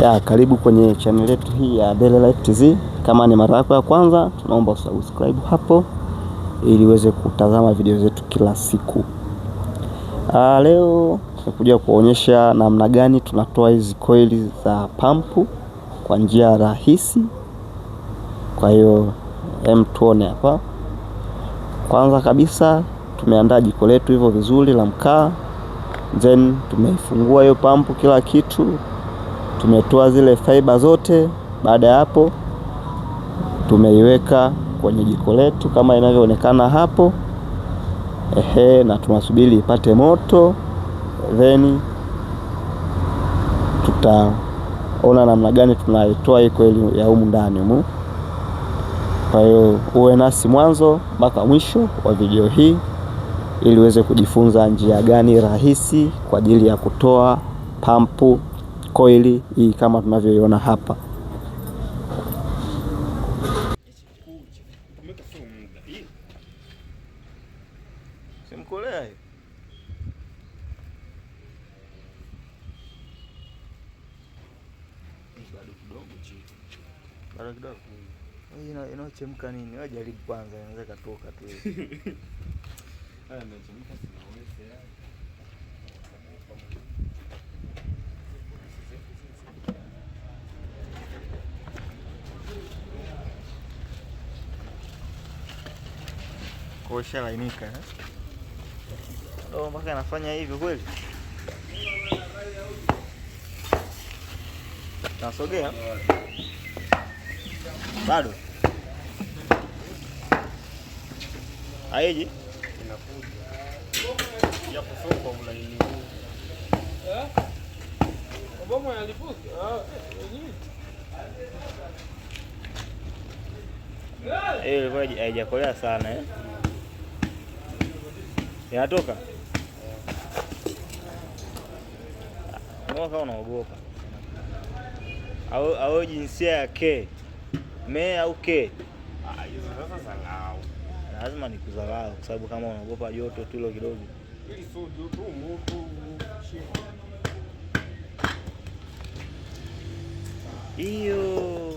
Ya, karibu kwenye channel yetu hii ya Daily Life TV. Kama ni mara yako ya kwanza, tunaomba subscribe hapo ili uweze kutazama video zetu kila siku. Aa, ah, leo tutakuja kuonyesha namna gani tunatoa hizi koili za pampu kwa njia rahisi. Kwa hiyo hem, tuone hapa. Kwanza kabisa tumeandaa jiko letu hivyo vizuri la mkaa, then tumeifungua hiyo pampu, kila kitu tumetoa zile faiba zote. Baada ya hapo, tumeiweka kwenye jiko letu kama inavyoonekana hapo, ehe, na tunasubiri ipate moto, then tutaona namna gani tunaitoa hii kweli ya humu ndani mu Kwa hiyo uwe nasi mwanzo mpaka mwisho wa video hii ili uweze kujifunza njia gani rahisi kwa ajili ya kutoa pampu koili hii kama tunavyoiona hapa. Inaochemka nini? Wewe jaribu kwanza, inaweza katoka tu. kuosha lainika eh? ndo mpaka anafanya hivyo kweli. Nasogea bado aiji eh, ilikuwa haijakolea sana eh? Yanatoka unaogopa au jinsia ya ke me au ke, lazima nikuzalau kwa sababu kama unaogopa joto tu kidogo hiyo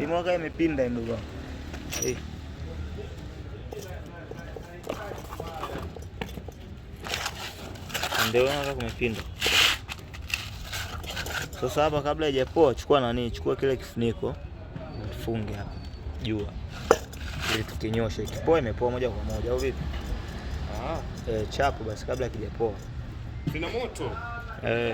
imwaka imepinda Hey. Eh. ndio unaona kumepinda. Sasa hapa kabla haijapoa, chukua nani, chukua kile kifuniko tufunge hapa jua, ili tukinyoshe ikipoa, imepoa moja kwa moja, au vipi? Ah, eh, chapo basi kabla hakijapoa. Kina moto eh.